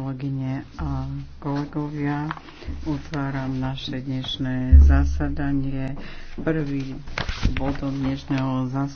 Kolegyne a kolegovia, utváram naše dnešné zasadanie. Prvý bodom dnešného zasadania